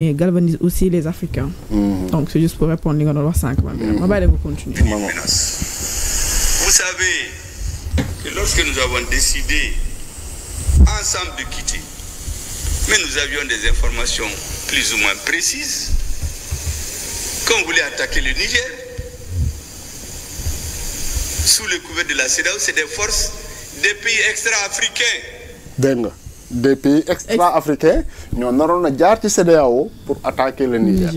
mais galvanise aussi les Africains. Mmh. Donc c'est juste pour répondre li nga ma Birame mhm. ma bàyyi continuer. Vous savez que lorsque nous avons décidé ensemble de quitter, mais nous avions des informations plus ou moins précises qu'on voulait attaquer le Niger sous le couvert de la CEDEAO, c'est des forces des pays extra-africains. des pays extra-africains ñoo naroon a jaar ci CEDEAO pour attaquer le Niger.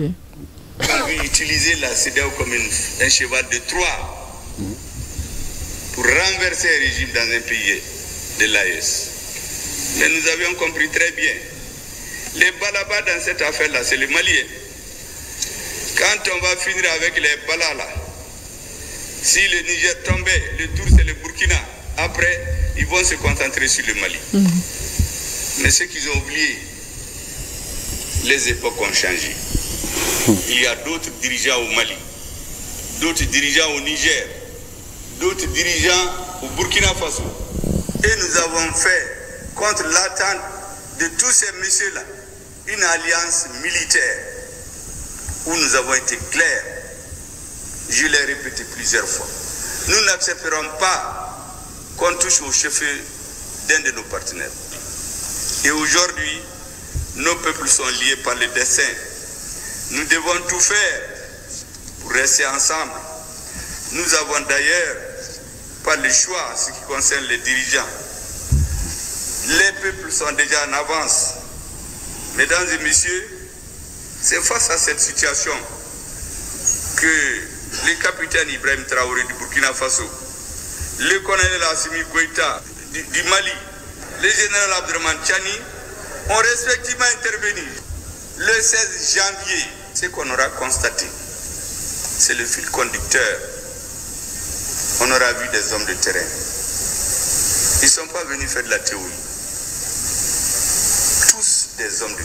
avait utilisé la CEDEAO comme une, un cheval de Troie pour renverser un régime dans un pays de l'AES. Mais nous avions compris très bien. Les balabas dans cette affaire-là, c'est les Maliens. Quand on finir avec les balala, si le Niger tombait, le tour c'est le Burkina. Après, ils vont se concentrer sur le Mali. Mhm. Mais ce qu'ils ont oublié, les époques ont changé. Il y a d'autres dirigeants au Mali, d'autres dirigeants au Niger, d'autres dirigeants au Burkina Faso. Et nous avons fait, contre l'attente de tous ces messieurs-là, une alliance militaire où nous avons été clairs. Je l'ai répété plusieurs fois. Nous n'accepterons pas qu'on touche au d'un de nos partenaires. Et aujourd'hui, nos peuples sont liés par le destin. Nous devons tout faire pour rester ensemble. Nous avons d'ailleurs pas le choix en ce qui concerne les dirigeants. Les peuples sont déjà en avance. Mesdames et messieurs, c'est face à cette situation que le capitaine Ibrahim Traoré du Burkina Faso, le colonel Assimi Goïta du Mali, le général Abdurman Chani, ont respectivement intervenu le 16 janvier. Ce qu'on aura constaté, c'est le fil conducteur. On aura vu des hommes de terrain. Ils ne sont pas venus faire de la théorie. Tous des hommes de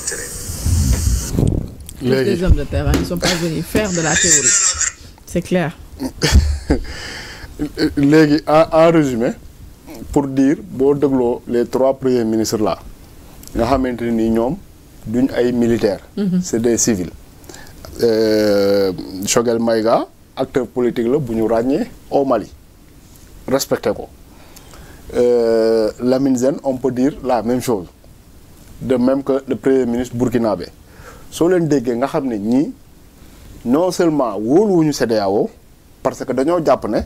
terrain. ils ne sont pas venus faire de la théorie. C'est clair. en résumé, pour dire boo dégloo les trois premiers ministres la nga xamante nii ñoom duñ ay militaires. Mhm. c'est des civils. Choguel euh, Maïga acteur politique la bu ñu ràññee au Mali respecté ko euh, Lamine Zen on peut dire la même chose de même que le premier ministre burkinabé soo leen déggee nga xam ne ñii non seulement wóoluwuñu CEDEAO parce que dañoo jàpp ne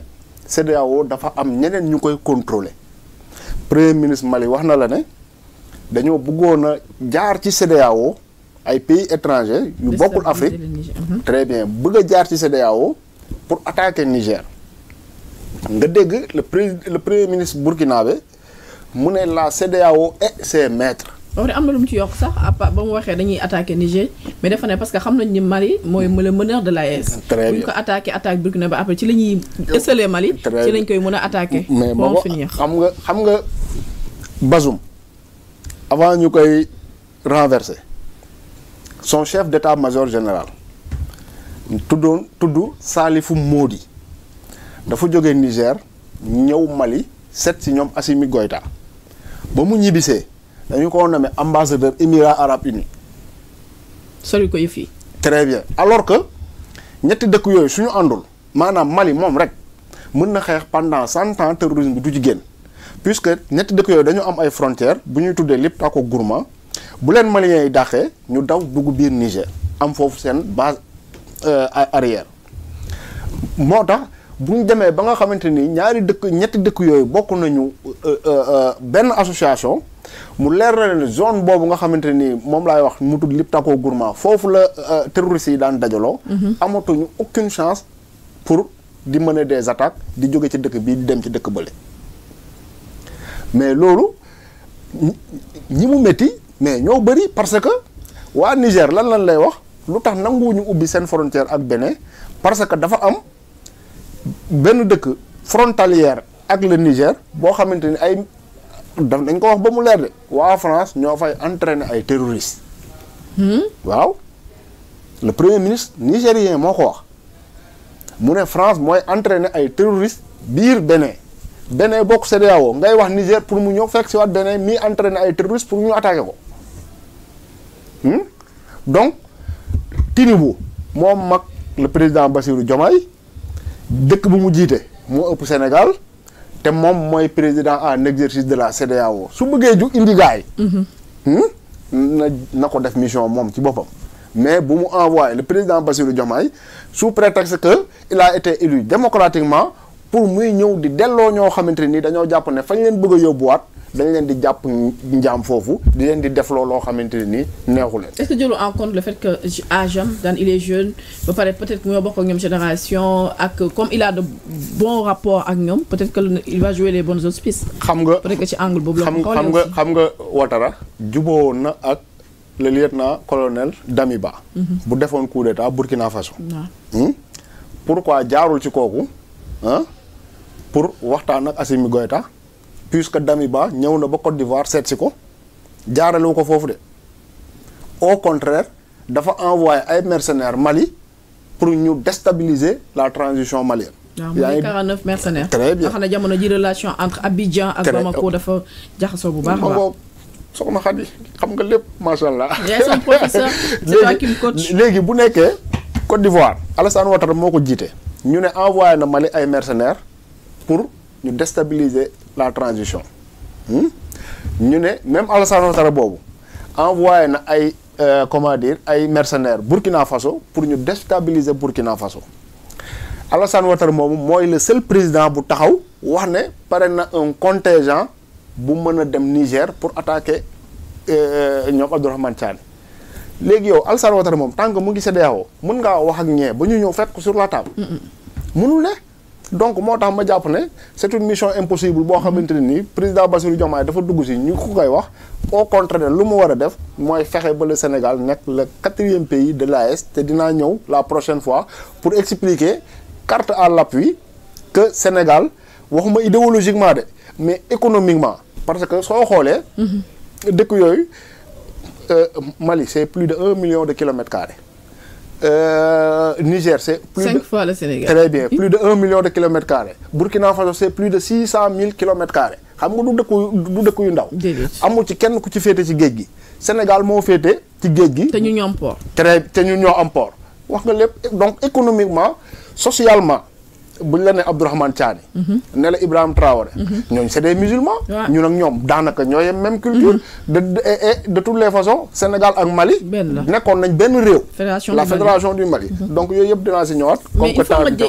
CEDEAO dafa am ñeneen ñu koy contrôler premier ministre Mali wax na la ne dañoo bëggoon a jaar ci CEDEAO ay pays étrangers yu bokkul Afrique mhm. très bien bëgg a jaar ci CEDEAO pour attaquer Niger nga dégg le pré le premier ministre burkinabé mu ne la CEDEAO et ses maîtres. ba pare am na lu ci yokk sax à ba mu waxee dañuy attaqué Niger mais dafa ne parce que xam nañ ni Mali mooy mm. le meneur de l'AES. très bien bu ñu ko attaqué attaque Burkina ba après ci la ñuy. installé Mali. ci lañ koy mën a attaqué. mais booba xam nga xam nga. Bazoum avant ñu koy renverser son chef d'état-major général tuddoon tudd Salifou Modi dafa jóge Niger ñëw Mali seet si ñoom Assimi Goïta ba mu ñibbisee dañu ko nommé ambassadeur Émirats Arabes Unis. sori ko yëf très bien alors que ñetti dëkk yooyu suñu àndul maanaam Mali moom rek mën na xeex pendant cent ans terrorisme bi du jigéen puisque ñetti dëkk yooyu dañu am ay frontières bu ñuy tuddee Liptako ak Gourma bu leen maliens yi dàqee ñu daw dugg biir Niger am foofu seen base euh, arrière moo tax bu ñu demee ba nga xamante ni ñaari dëkk ñetti dëkk yooyu bokk nañu euh, euh, benn association mu leer na leen zone boobu nga xamante ni moom laay wax mu tudd Liptako Gourma foofu la terroristes yi daan dajaloo. Mm-hmm. amatuñu aucune chance pour di mener de attaques di jóge ci dëkk bii di dem ci dëkk bële. mais loolu ñi mu métti mais ñoo bëri parce que waa Niger lan lan lay wax lu tax ñu ubbi seen frontière ak beneen parce que dafa am benn dëkk frontalière ak le Niger boo xamante ni ay daf dañ ko wax ba mu leer de waa France ñoo fay entraîner ay terroristes. Hmm? waaw le premier ministre nigérien moo ko wax mu ne France mooy entraîner ay terroristes biir Bénin. beneen bokk CEDEAO ngay wax Niger pour mu ñëw fekk si waat Bénin mi entraîné ay terroristes pour ñu attaqué ko hmm? donc Tinubu moom mag le président bassiru Diomaye dëkk bu mu jiite moo ëpp Sénégal te moom mooy président en exercice de la CEDEAO su bëggee ju indi mhm. hmm? na na ko def mission moom ci boppam mais bu mu envoyé le président Bassirou Diomaye sous prétexte que il a été élu démocratiquement pour muy ñëw di delloo ñoo xamante nii dañoo jàpp ne fañ leen bëgg a yóbbuwaat dañ leen di jàpp njaam foofu di leen di def looloo xamante ne nii neexu leen. est-ce que jëlu en compte le fait que âge am daan il est jeune ba pare peut-être ñoo bokk ak ñoom génération ak comme il a de bons rapports ak ñoom peut-être que il va jouer les bonnes auspices. xam nga xam nga xam nga Ouattara. juboo na ak le lieutenant-colonel Damiba. Mhm. bu defoon coup d'état Burkina Faso. Hmm? pourquoi jaarul ci kooku pour waxtaan ak Assimi Goïta puisque ba ñëw na ba Côte d'Ivoire seet ko jaaralewu ko foofu de au contraire dafa envoyé ay mercenaires Mali pour ñu déstabiliser la transition mali ah, yaa ngi 49 mercenaires. très bien xam ne jamono ji relation entre Abidjan ak Bamako dafa jaxasoo bu baax a baax. xam nga lépp macha allah. yaay son professeur. c'est toi qui me léegi bu nekkee Côte d'Ivoire Alassane Ouattara moo ko jiite. ñu ne envoyé na Mali ay mercenaires. pour ñu déstabiliser la transition hmm? ñu ne même Alassane Ouattara boobu envoyé na ay euh, comment dire ay mercenaires Burkina Faso pour ñu déstabiliser Burkina Faso Alassane Ouattara moomu mooy le seul président bu taxaw wax ne pare na un contingent bu mën a dem Niger pour attaquer euh, euh, ñoom Abdourahmane Tiani léegi yow Alassane Ouattara moom tant mu ngi CEDEAO mën ngaa wax ak ñee ba ñu ñëw fekk sur la table mënul ne donc moo tax ma jàpp ne c'est une mission impossible boo xamante ne nii président Bassirou Diomaye dafa dugg si ñu ko koy wax au contraire lu mu war a def mooy fexe ba le Sénégal nekk le quatrième pays de l'AES te dinaa ñëw la prochaine fois pour expliquer carte à l'appui que Sénégal waxuma idéologiquement de mais économiquement parce que soo xoolee. Mhm. dëkk yooyu euh, Mali c'est plus de un million de kilomètres carrés. Euh, Niger, c'est plus Cinq de... fois le Sénégal. Très bien, plus de 1 million de kilomètres carrés. Burkina Faso, c'est plus de 600 000 kilomètres carrés. xam nga du dëkku du dëkku yu ndaw. amul ci kenn ku ci féete ci géej gi. Sénégal moo féete ci géej gi. te ñu ñoo am port. très te ñu ñoo am port. wax nga lépp donc économiquement socialement. buñ la ne Abdourahmane Tiani ne la Ibrahim Traoré ñooñu c'est des musulmans ñun ak ñoom daanaka ñoo yem même culture de de toutes les façons Sénégal ak Mali nekkoon nañ benn réew la fédération du Mali mhm. donc yooyu yëpp dinaa si ñëwaat mais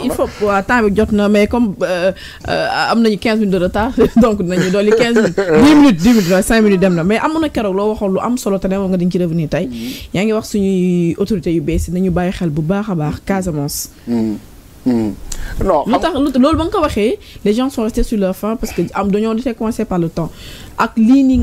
il faut nga jot na mais comme euh, euh, am nañu quinze minutes de retard donc dinañu dolli quinze minutes dix minutes dix minutes cinq minutes dem na mais amoon na keroog loo waxoon lu am solo te nga dañ ci revenir tey mhm. yaa ngi wax suñuy a Hmm. non lu tax loolu ba nga ko waxee les gens sont restés sur leur faim parce que am dañoo décoincé par le temps ak lii nii.